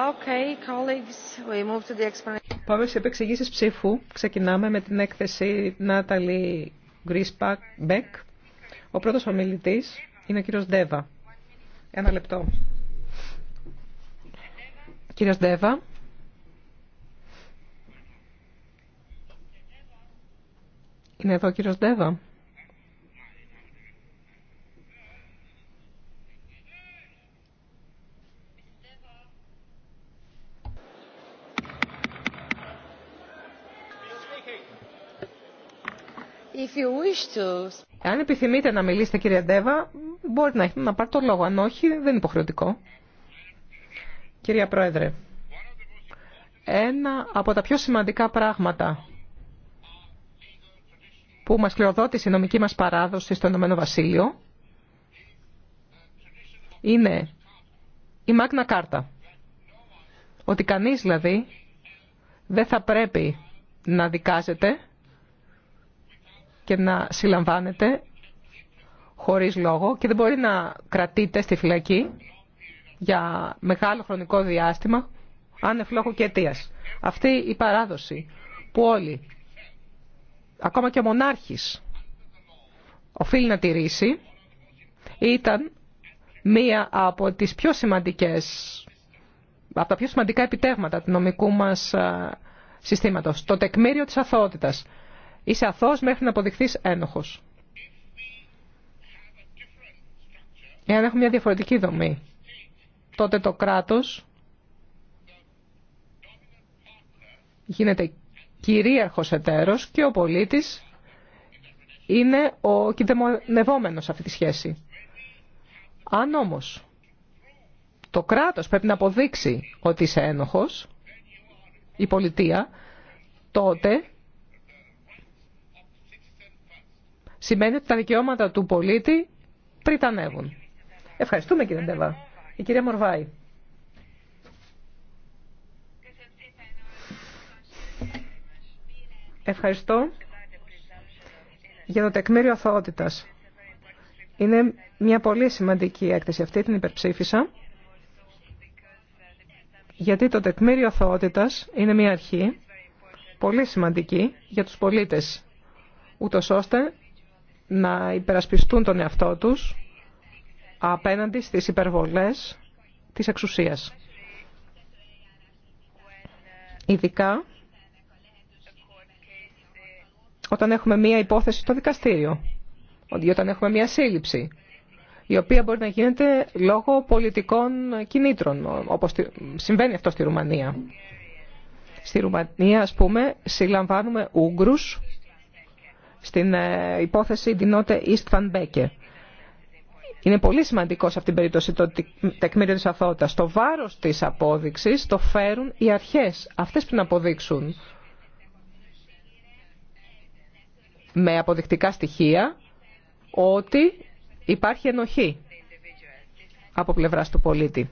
Okay, colleagues, we move to the Πάμε σε επεξηγήσει ψήφου. Ξεκινάμε με την έκθεση Νάταλι Γκρίσπακ Μπέκ. Ο πρώτο ομιλητή είναι ο κύριο Ντέβα. Ένα λεπτό. Κύριος Ντέβα. Είναι εδώ ο κύριος Ντέβα. Αν επιθυμείτε να μιλήσετε κύριε Ντέβα, μπορείτε να έχετε να πάρετε το λόγο. Αν όχι, δεν είναι υποχρεωτικό. Κυρία Πρόεδρε, ένα από τα πιο σημαντικά πράγματα που μας κληροδότησε η νομική μας παράδοση στο Ηνωμένο Βασίλειο είναι η Μάγνα Κάρτα. Ότι κανείς δηλαδή δεν θα πρέπει να δικάζεται και να συλλαμβάνεται χωρίς λόγο και δεν μπορεί να κρατείται στη φυλακή για μεγάλο χρονικό διάστημα άνευ και αιτίας. Αυτή η παράδοση που όλοι, ακόμα και ο μονάρχης, οφείλει να τηρήσει, ήταν μία από τις πιο σημαντικές, από τα πιο σημαντικά επιτεύγματα του νομικού μας ε, συστήματος, το τεκμήριο της αθωότητας. Είσαι αθώος μέχρι να αποδειχθείς ένοχος. Εάν έχουμε μια διαφορετική δομή, τότε το κράτος γίνεται κυρίαρχος εταίρος και ο πολίτης είναι ο κυδεμονευόμενος αυτή τη σχέση. Αν όμως το κράτος πρέπει να αποδείξει ότι είσαι ένοχος, η πολιτεία, τότε σημαίνει ότι τα δικαιώματα του πολίτη πριτανεύουν. Ευχαριστούμε κύριε Ντεβά. Η κυρία Μορβάη. Ευχαριστώ για το τεκμήριο αθωότητας. Είναι μια πολύ σημαντική έκθεση αυτή, την υπερψήφισα. Γιατί το τεκμήριο αθωότητας είναι μια αρχή πολύ σημαντική για τους πολίτες, ούτως ώστε να υπερασπιστούν τον εαυτό τους απέναντι στις υπερβολές της εξουσίας. Ειδικά όταν έχουμε μία υπόθεση στο δικαστήριο, όταν έχουμε μία σύλληψη, η οποία μπορεί να γίνεται λόγω πολιτικών κινήτρων, όπως συμβαίνει αυτό στη Ρουμανία. Στη Ρουμανία, ας πούμε, συλλαμβάνουμε Ούγγρους στην ε, υπόθεση Ντινότε Ιστφαν Μπέκερ. Είναι πολύ σημαντικό σε αυτήν την περίπτωση το τεκμήριο της αθότητας. Το βάρος της απόδειξης το φέρουν οι αρχές, αυτές που να αποδείξουν με αποδεικτικά στοιχεία ότι υπάρχει ενοχή από πλευράς του πολίτη.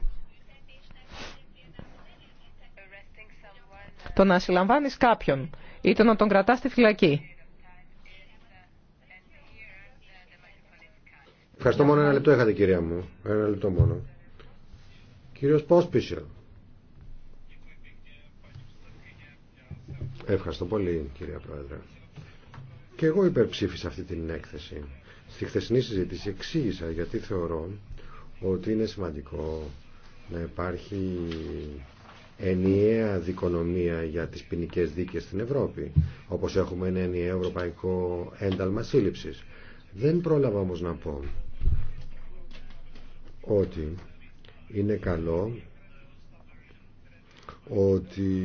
Το να συλλαμβάνεις κάποιον ή το να τον κρατάς στη φυλακή Ευχαριστώ μόνο ένα λεπτό είχατε κυρία μου. Ένα λεπτό μόνο. Κύριος Πόσπισερ. Ευχαριστώ πολύ κυρία Πρόεδρε. Και εγώ υπερψήφισα αυτή την έκθεση. Στη χθεσινή συζήτηση εξήγησα γιατί θεωρώ ότι είναι σημαντικό να υπάρχει ενιαία δικονομία για τις ποινικέ δίκες στην Ευρώπη, όπως έχουμε ένα ενιαίο ευρωπαϊκό ένταλμα σύλληψης. Δεν πρόλαβα όμως να πω ότι είναι καλό ότι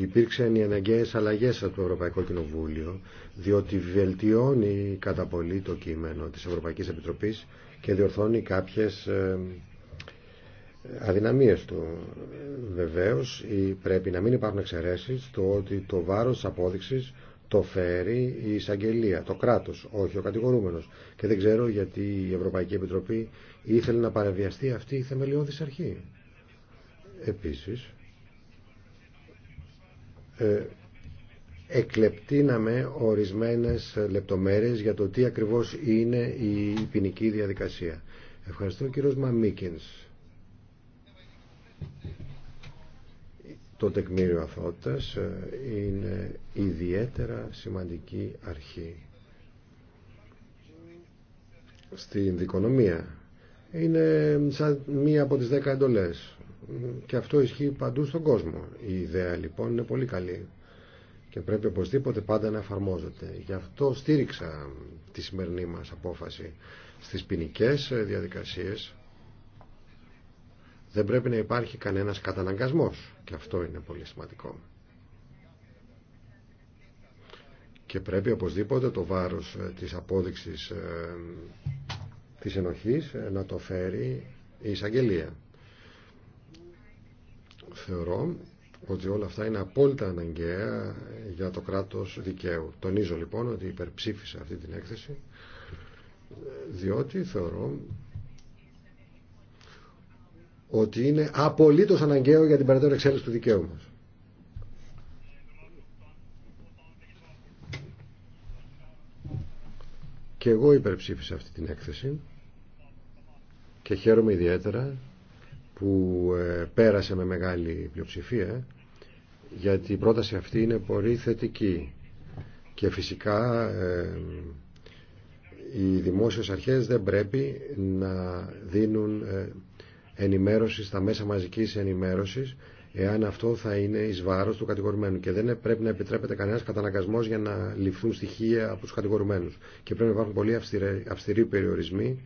υπήρξαν οι αναγκαίες αλλαγές από το Ευρωπαϊκό Κοινοβούλιο διότι βελτιώνει κατά πολύ το κείμενο της Ευρωπαϊκής Επιτροπής και διορθώνει κάποιες ε, αδυναμίες του. Βεβαίως πρέπει να μην υπάρχουν εξαιρέσεις το ότι το βάρος της απόδειξης το φέρει η εισαγγελία, το κράτος, όχι ο κατηγορούμενος. Και δεν ξέρω γιατί η Ευρωπαϊκή Επιτροπή ήθελε να παραβιαστεί αυτή η θεμελιώδης αρχή. Επίσης, ε, ορισμένες λεπτομέρειες για το τι ακριβώς είναι η ποινική διαδικασία. Ευχαριστώ κύριος Μαμίκινς το τεκμήριο αθότητας ε, είναι ιδιαίτερα σημαντική αρχή στην δικονομία. Είναι σαν μία από τις δέκα εντολές και αυτό ισχύει παντού στον κόσμο. Η ιδέα λοιπόν είναι πολύ καλή και πρέπει οπωσδήποτε πάντα να εφαρμόζεται. Γι' αυτό στήριξα τη σημερινή μας απόφαση στις ποινικέ ε, διαδικασίες δεν πρέπει να υπάρχει κανένας καταναγκασμός και αυτό είναι πολύ σημαντικό. Και πρέπει οπωσδήποτε το βάρος ε, της απόδειξης ε, της ενοχής ε, να το φέρει η εισαγγελία. Θεωρώ ότι όλα αυτά είναι απόλυτα αναγκαία για το κράτος δικαίου. Τονίζω λοιπόν ότι υπερψήφισα αυτή την έκθεση διότι θεωρώ ότι είναι απολύτως αναγκαίο για την περαιτέρω εξέλιξη του δικαίου μας. Και εγώ υπερψήφισα αυτή την έκθεση και χαίρομαι ιδιαίτερα που ε, πέρασε με μεγάλη πλειοψηφία γιατί η πρόταση αυτή είναι πολύ θετική και φυσικά ε, οι δημόσιες αρχές δεν πρέπει να δίνουν ε, ενημέρωση στα μέσα μαζική ενημέρωση, εάν αυτό θα είναι ει βάρο του κατηγορουμένου και δεν πρέπει να επιτρέπεται κανένα καταναγκασμός για να ληφθούν στοιχεία από του κατηγορούμένου. και πρέπει να υπάρχουν πολύ αυστηροί περιορισμοί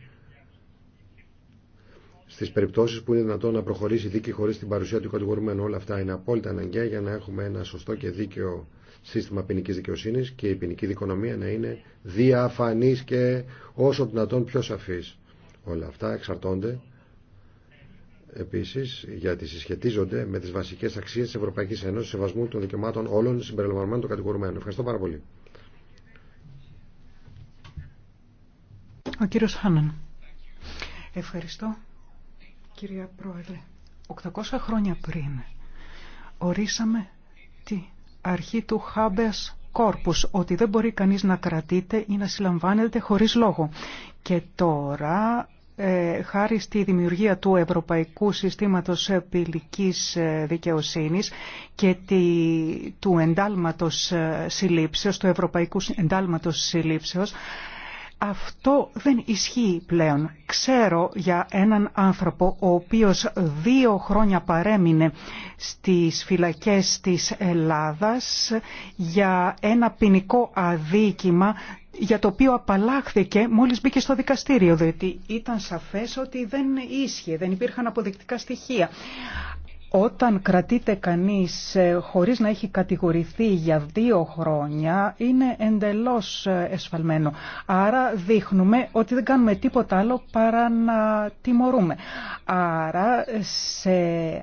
στι περιπτώσει που είναι δυνατόν να προχωρήσει η δίκη χωρί την παρουσία του κατηγορουμένου. Όλα αυτά είναι απόλυτα αναγκαία για να έχουμε ένα σωστό και δίκαιο σύστημα ποινική δικαιοσύνη και η ποινική δικονομία να είναι διαφανή και όσο δυνατόν πιο σαφή. Όλα αυτά εξαρτώνται επίσης γιατί συσχετίζονται με τις βασικές αξίες της Ευρωπαϊκής Ένωσης σεβασμού των δικαιωμάτων όλων συμπεριλαμβανομένων των κατηγορουμένων. Ευχαριστώ πάρα πολύ. Ο κύριος Χάναν. Ευχαριστώ, κυρία Πρόεδρε. 800 χρόνια πριν ορίσαμε τη αρχή του Χάμπεας Κόρπους, ότι δεν μπορεί κανείς να κρατείται ή να συλλαμβάνεται χωρίς λόγο. Και τώρα ε, χάρη στη δημιουργία του Ευρωπαϊκού Συστήματος Επιλικής ε, Δικαιοσύνης και του εντάλματος ε, συλλήψεως, του Ευρωπαϊκού Εντάλματος Συλλήψεως, αυτό δεν ισχύει πλέον. Ξέρω για έναν άνθρωπο ο οποίος δύο χρόνια παρέμεινε στις φυλακές της Ελλάδας για ένα ποινικό αδίκημα για το οποίο απαλλάχθηκε μόλις μπήκε στο δικαστήριο, διότι ήταν σαφές ότι δεν ίσχυε, δεν υπήρχαν αποδεικτικά στοιχεία. Όταν κρατείται κανείς ε, χωρίς να έχει κατηγορηθεί για δύο χρόνια είναι εντελώς ε, εσφαλμένο. Άρα δείχνουμε ότι δεν κάνουμε τίποτα άλλο παρά να τιμωρούμε. Άρα σε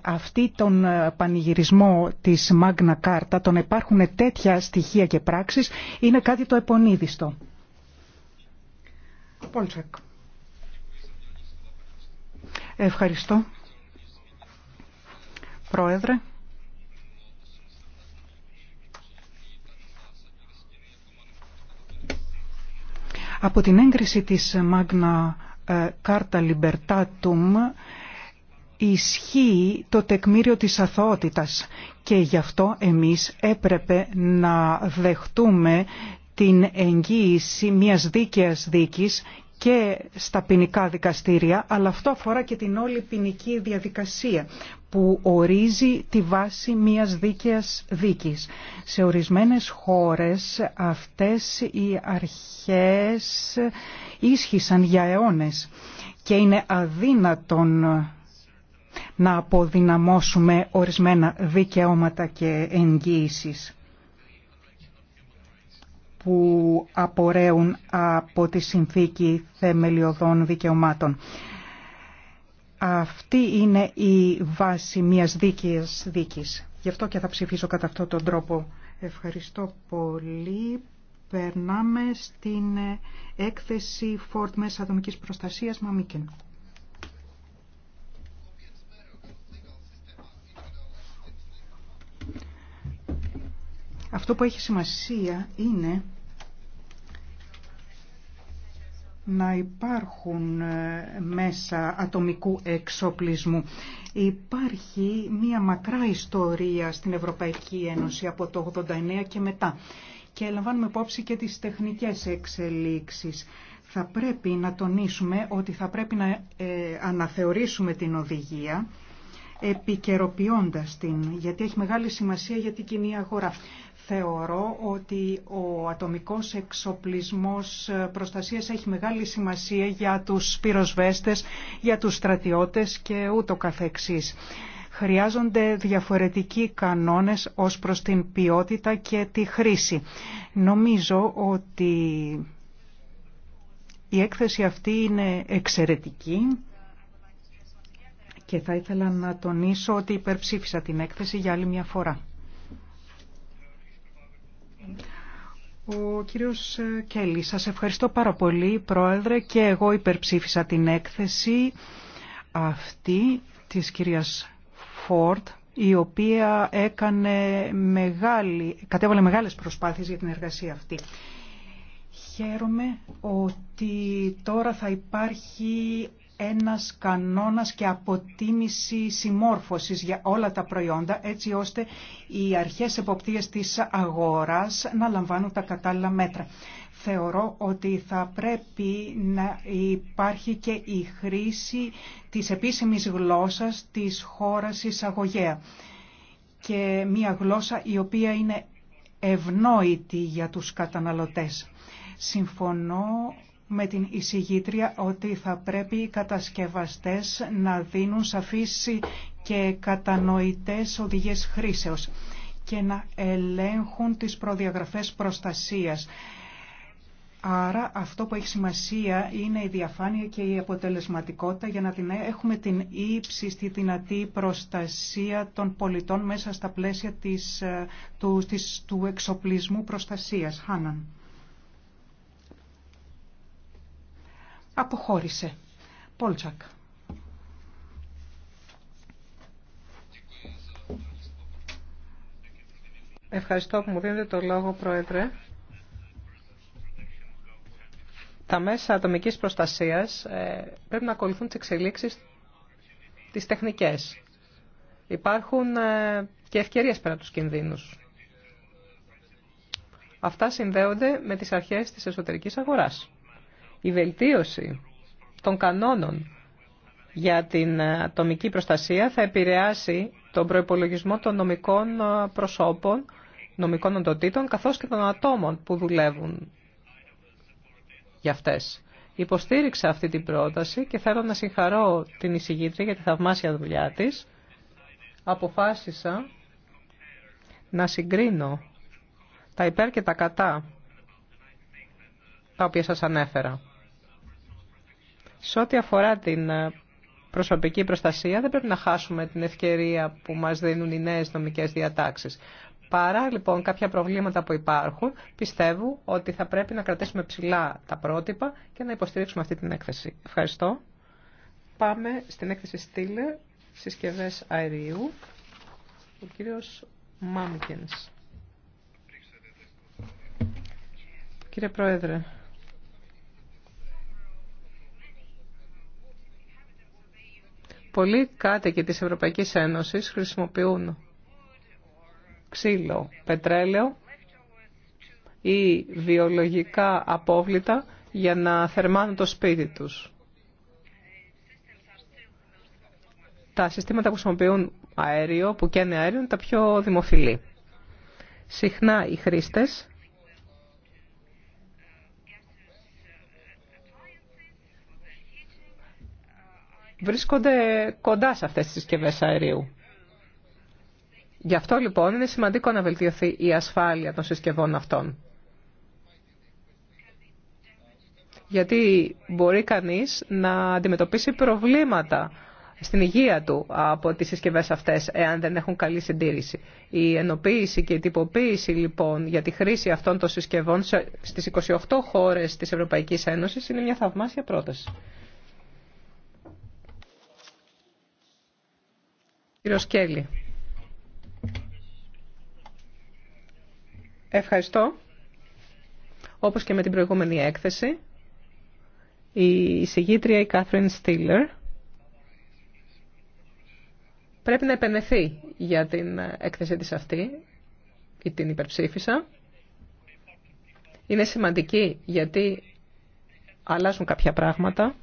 αυτή τον ε, πανηγυρισμό της Μάγνα Κάρτα, τον υπάρχουν τέτοια στοιχεία και πράξεις, είναι κάτι το επονίδιστο. Ευχαριστώ. Πρόεδρε. Από την έγκριση της Magna ε, Carta Libertatum ισχύει το τεκμήριο της αθωότητας και γι' αυτό εμείς έπρεπε να δεχτούμε την εγγύηση μιας δίκαιας δίκης και στα ποινικά δικαστήρια, αλλά αυτό αφορά και την όλη ποινική διαδικασία που ορίζει τη βάση μιας δίκαιας δίκης. Σε ορισμένες χώρες αυτές οι αρχές ίσχυσαν για αιώνες και είναι αδύνατον να αποδυναμώσουμε ορισμένα δικαιώματα και εγγύησεις που απορρέουν από τη Συνθήκη Θεμελιωδών Δικαιωμάτων. Αυτή είναι η βάση μιας δίκαιας δίκης. Γι' αυτό και θα ψηφίσω κατά αυτόν τον τρόπο. Ευχαριστώ πολύ. Περνάμε στην έκθεση Φόρτ Μέσα Ατομικής Προστασίας Μαμίκεν. Αυτό που έχει σημασία είναι να υπάρχουν ε, μέσα ατομικού εξοπλισμού. Υπάρχει μία μακρά ιστορία στην Ευρωπαϊκή Ένωση από το 89 και μετά και λαμβάνουμε υπόψη και τις τεχνικές εξελίξεις. Θα πρέπει να τονίσουμε ότι θα πρέπει να ε, αναθεωρήσουμε την οδηγία επικαιροποιώντα την, γιατί έχει μεγάλη σημασία για την κοινή αγορά. Θεωρώ ότι ο ατομικός εξοπλισμός προστασίας έχει μεγάλη σημασία για τους πυροσβέστες, για τους στρατιώτες και ούτω καθεξής. Χρειάζονται διαφορετικοί κανόνες ως προς την ποιότητα και τη χρήση. Νομίζω ότι η έκθεση αυτή είναι εξαιρετική και θα ήθελα να τονίσω ότι υπερψήφισα την έκθεση για άλλη μια φορά. Ο κύριος ε, Κέλλη, σας ευχαριστώ πάρα πολύ, Πρόεδρε, και εγώ υπερψήφισα την έκθεση αυτή της κυρίας Φόρτ, η οποία έκανε μεγάλη, κατέβαλε μεγάλες προσπάθειες για την εργασία αυτή. Χαίρομαι ότι τώρα θα υπάρχει ένας κανόνας και αποτίμηση συμμόρφωσης για όλα τα προϊόντα έτσι ώστε οι αρχές εποπτείες της αγοράς να λαμβάνουν τα κατάλληλα μέτρα. Θεωρώ ότι θα πρέπει να υπάρχει και η χρήση της επίσημης γλώσσας της χώρας εισαγωγέα και μια γλώσσα η οποία είναι ευνόητη για τους καταναλωτές. Συμφωνώ με την εισηγήτρια ότι θα πρέπει οι κατασκευαστές να δίνουν σαφείς και κατανοητές οδηγίες χρήσεως και να ελέγχουν τις προδιαγραφές προστασίας. Άρα αυτό που έχει σημασία είναι η διαφάνεια και η αποτελεσματικότητα για να την έχουμε την στη δυνατή προστασία των πολιτών μέσα στα πλαίσια της, ε, του, της, του εξοπλισμού προστασίας. Χάναν. αποχώρησε. Πόλτσακ. Ευχαριστώ που μου δίνετε το λόγο, Πρόεδρε. Τα μέσα ατομικής προστασίας ε, πρέπει να ακολουθούν τις εξελίξεις τις τεχνικές. Υπάρχουν ε, και ευκαιρίες πέρα τους κινδύνους. Αυτά συνδέονται με τις αρχές της εσωτερικής αγοράς. Η βελτίωση των κανόνων για την ατομική προστασία θα επηρεάσει τον προϋπολογισμό των νομικών προσώπων, νομικών οντοτήτων, καθώς και των ατόμων που δουλεύουν για αυτές. Υποστήριξα αυτή την πρόταση και θέλω να συγχαρώ την εισηγήτρια για τη θαυμάσια δουλειά της. Αποφάσισα να συγκρίνω τα υπέρ και τα κατά τα οποία σας ανέφερα. Σε ό,τι αφορά την ε, προσωπική προστασία δεν πρέπει να χάσουμε την ευκαιρία που μας δίνουν οι νέες νομικές διατάξεις. Παρά λοιπόν κάποια προβλήματα που υπάρχουν, πιστεύω ότι θα πρέπει να κρατήσουμε ψηλά τα πρότυπα και να υποστηρίξουμε αυτή την έκθεση. Ευχαριστώ. Πάμε στην έκθεση Στήλε, συσκευές αερίου, ο κύριος Μάμικενς. Κύριε Πρόεδρε, Πολλοί κάτοικοι της Ευρωπαϊκής Ένωσης χρησιμοποιούν ξύλο, πετρέλαιο ή βιολογικά απόβλητα για να θερμάνουν το σπίτι τους. Τα συστήματα που χρησιμοποιούν αέριο, που καίνε αέριο, είναι τα πιο δημοφιλή. Συχνά οι χρήστες βρίσκονται κοντά σε αυτές τις συσκευέ αερίου. Γι' αυτό λοιπόν είναι σημαντικό να βελτιωθεί η ασφάλεια των συσκευών αυτών. Γιατί μπορεί κανείς να αντιμετωπίσει προβλήματα στην υγεία του από τις συσκευές αυτές, εάν δεν έχουν καλή συντήρηση. Η ενοποίηση και η τυποποίηση λοιπόν για τη χρήση αυτών των συσκευών στις 28 χώρες της Ευρωπαϊκής Ένωσης είναι μια θαυμάσια πρόταση. Κύριο Ευχαριστώ. Όπως και με την προηγούμενη έκθεση, η συγγήτρια η Κάθριν Στίλερ πρέπει να επενεθεί για την έκθεση της αυτή ή την υπερψήφισα. Είναι σημαντική γιατί αλλάζουν κάποια πράγματα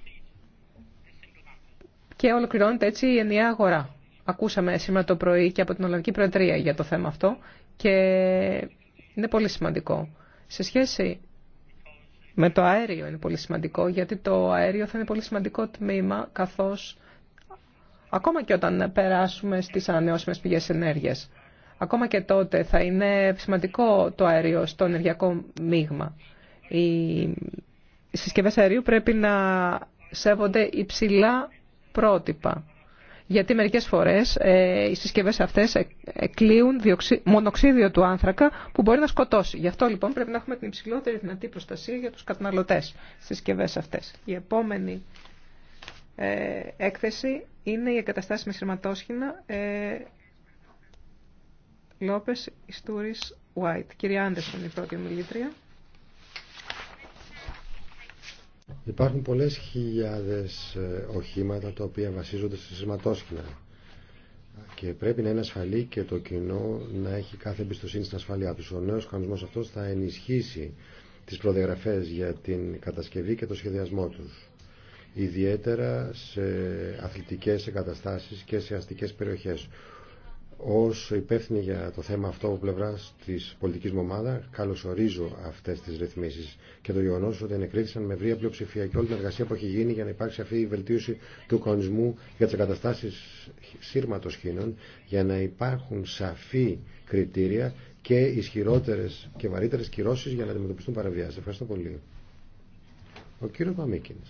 και ολοκληρώνεται έτσι η ενιαία αγορά ακούσαμε σήμερα το πρωί και από την Ολλανδική Προεδρία για το θέμα αυτό και είναι πολύ σημαντικό. Σε σχέση με το αέριο είναι πολύ σημαντικό, γιατί το αέριο θα είναι πολύ σημαντικό τμήμα, καθώς ακόμα και όταν περάσουμε στις ανανεώσιμες πηγές ενέργειας, ακόμα και τότε θα είναι σημαντικό το αέριο στο ενεργειακό μείγμα. Οι συσκευές αερίου πρέπει να σέβονται υψηλά πρότυπα γιατί μερικέ φορές ε, οι συσκευέ αυτές εκλείουν μονοξίδιο του άνθρακα που μπορεί να σκοτώσει. Γι' αυτό λοιπόν πρέπει να έχουμε την υψηλότερη δυνατή προστασία για τους καταναλωτέ. στις συσκευές αυτές. Η επόμενη ε, έκθεση είναι η εγκαταστάση με σειρματόσχηνα ε, Λόπες Ιστούρης White. Κυρία Άντερσον, η πρώτη ομιλήτρια. Υπάρχουν πολλές χιλιάδες ε, οχήματα τα οποία βασίζονται σε σηματόσχηνα και πρέπει να είναι ασφαλή και το κοινό να έχει κάθε εμπιστοσύνη στην ασφαλεία τους. Ο νέος κανονισμός αυτός θα ενισχύσει τις προδιαγραφές για την κατασκευή και το σχεδιασμό τους ιδιαίτερα σε αθλητικές εγκαταστάσεις και σε αστικές περιοχές. Ως υπεύθυνη για το θέμα αυτό από πλευρά τη πολιτική μου ομάδα, καλωσορίζω αυτέ τι ρυθμίσει και το γεγονό ότι ενεκρίθησαν με βρία πλειοψηφία και όλη την εργασία που έχει γίνει για να υπάρξει αυτή η βελτίωση του κανονισμού για τι εγκαταστάσει σύρματο χήνων, για να υπάρχουν σαφή κριτήρια και ισχυρότερε και βαρύτερε κυρώσει για να αντιμετωπιστούν παραβιάσει. Ευχαριστώ πολύ. Ο κύριο Παμίκινς.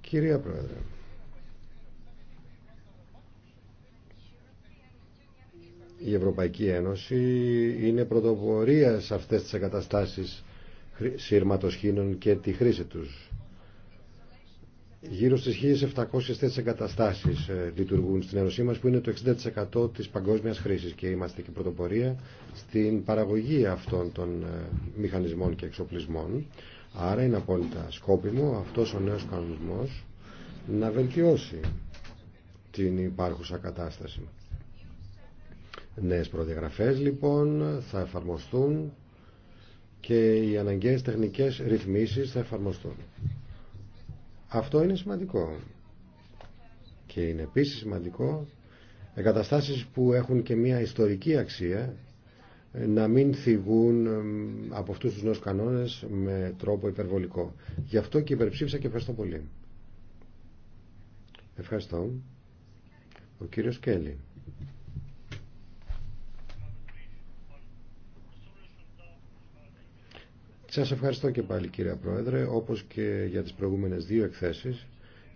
Κυρία Πρόεδρε. η Ευρωπαϊκή Ένωση είναι πρωτοπορία σε αυτές τις εγκαταστάσεις σύρματοσχήνων και τη χρήση τους. Γύρω στις 1.700 εγκαταστάσεις ε, λειτουργούν στην Ένωσή μας που είναι το 60% της παγκόσμιας χρήσης και είμαστε και πρωτοπορία στην παραγωγή αυτών των ε, μηχανισμών και εξοπλισμών. Άρα είναι απόλυτα σκόπιμο αυτός ο νέος κανονισμός να βελτιώσει την υπάρχουσα κατάσταση. Νέες προδιαγραφές λοιπόν θα εφαρμοστούν και οι αναγκαίες τεχνικές ρυθμίσεις θα εφαρμοστούν. Αυτό είναι σημαντικό. Και είναι επίσης σημαντικό εγκαταστάσεις που έχουν και μια ιστορική αξία να μην θυγούν από αυτούς τους νέους κανόνες με τρόπο υπερβολικό. Γι' αυτό και υπερψήφισα και ευχαριστώ πολύ. Ευχαριστώ. Ο κύριος Κέλλη. Σας ευχαριστώ και πάλι κύριε Πρόεδρε, όπως και για τις προηγούμενες δύο εκθέσεις.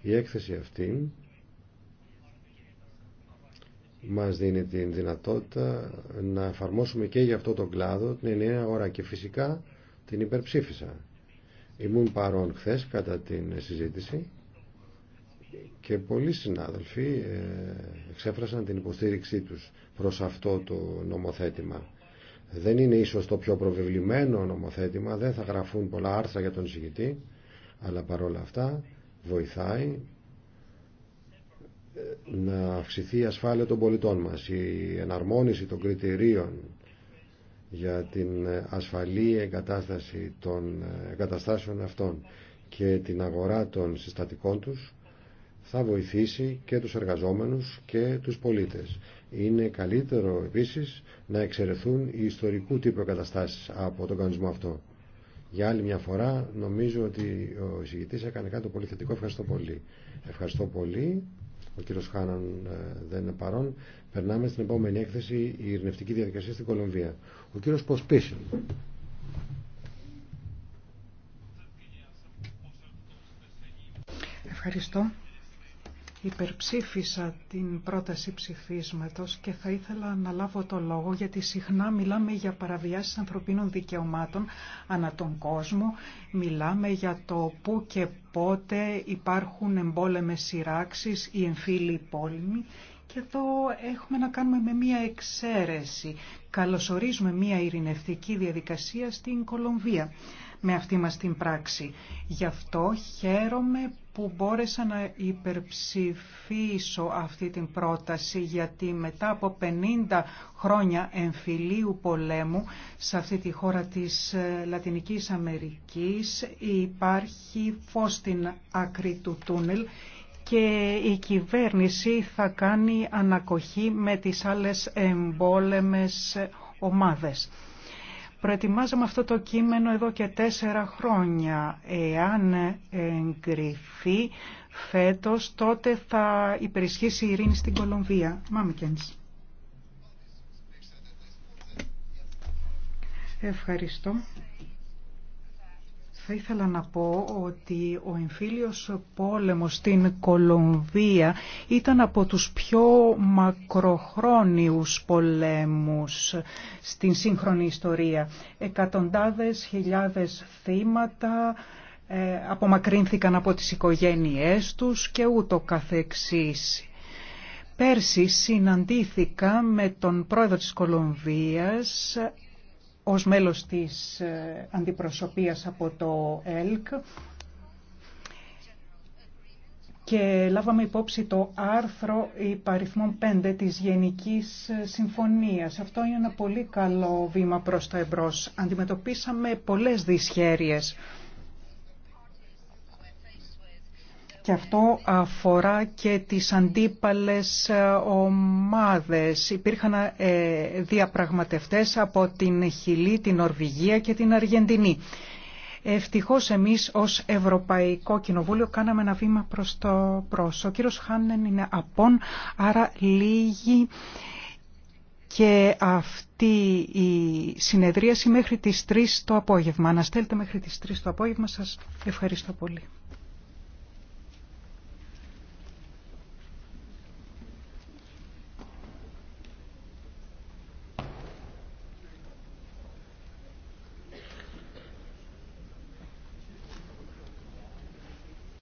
Η έκθεση αυτή μας δίνει την δυνατότητα να εφαρμόσουμε και για αυτό το κλάδο την ενιαία ώρα και φυσικά την υπερψήφισα. Ήμουν παρόν χθε κατά την συζήτηση και πολλοί συνάδελφοι ε, εξέφρασαν την υποστήριξή τους προς αυτό το νομοθέτημα δεν είναι ίσως το πιο προβεβλημένο νομοθέτημα, δεν θα γραφούν πολλά άρθρα για τον εισηγητή, αλλά παρόλα αυτά βοηθάει ε, να αυξηθεί η ασφάλεια των πολιτών μας. Η εναρμόνιση των κριτηρίων για την ε, ασφαλή εγκατάσταση των ε, εγκαταστάσεων αυτών και την αγορά των συστατικών τους θα βοηθήσει και τους εργαζόμενους και τους πολίτες. Είναι καλύτερο επίσης να εξαιρεθούν οι ιστορικού τύπου εγκαταστάσεις από τον κανονισμό αυτό. Για άλλη μια φορά νομίζω ότι ο εισηγητής έκανε κάτι πολύ θετικό. Ευχαριστώ πολύ. Ευχαριστώ πολύ. Ο κύριος Χάναν ε, δεν είναι παρόν. Περνάμε στην επόμενη έκθεση η ειρνευτική διαδικασία στην Κολομβία. Ο κύριος Ποσπίσιν. Ευχαριστώ υπερψήφισα την πρόταση ψηφίσματος και θα ήθελα να λάβω το λόγο γιατί συχνά μιλάμε για παραβιάσεις ανθρωπίνων δικαιωμάτων ανά τον κόσμο, μιλάμε για το πού και πότε υπάρχουν εμπόλεμες σειράξεις ή εμφύλοι πόλεμοι και εδώ έχουμε να κάνουμε με μία εξαίρεση. Καλωσορίζουμε μία ειρηνευτική διαδικασία στην Κολομβία με αυτή μας την πράξη. Γι' αυτό χαίρομαι που μπόρεσα να υπερψηφίσω αυτή την πρόταση γιατί μετά από 50 χρόνια εμφυλίου πολέμου σε αυτή τη χώρα της ε, Λατινικής Αμερικής υπάρχει φως στην άκρη του τούνελ και η κυβέρνηση θα κάνει ανακοχή με τις άλλες εμπόλεμες ομάδες. Προετοιμάζαμε αυτό το κείμενο εδώ και τέσσερα χρόνια. Εάν εγκριθεί φέτος, τότε θα υπερισχύσει η ειρήνη στην Κολομβία. Μάμικενς. Ευχαριστώ. Θα ήθελα να πω ότι ο εμφύλιος πόλεμος στην Κολομβία ήταν από τους πιο μακροχρόνιους πολέμους στην σύγχρονη ιστορία. Εκατοντάδες, χιλιάδες θύματα ε, απομακρύνθηκαν από τις οικογένειές τους και ούτω καθεξής. Πέρσι συναντήθηκα με τον πρόεδρο της Κολομβίας ως μέλος της ε, αντιπροσωπείας από το ΕΛΚ και λάβαμε υπόψη το άρθρο υπαριθμών 5 της Γενικής Συμφωνίας. Αυτό είναι ένα πολύ καλό βήμα προς τα εμπρός. Αντιμετωπίσαμε πολλές δυσχέρειες Και αυτό αφορά και τις αντίπαλες ε, ομάδες. Υπήρχαν ε, διαπραγματευτές από την Χιλή, την Ορβηγία και την Αργεντινή. Ευτυχώς εμείς ως Ευρωπαϊκό Κοινοβούλιο κάναμε ένα βήμα προς το προς. Ο κύριος Χάνεν είναι απόν, άρα λίγη και αυτή η συνεδρίαση μέχρι τις 3 το απόγευμα. Αναστέλτε μέχρι τις 3 το απόγευμα. Σας ευχαριστώ πολύ.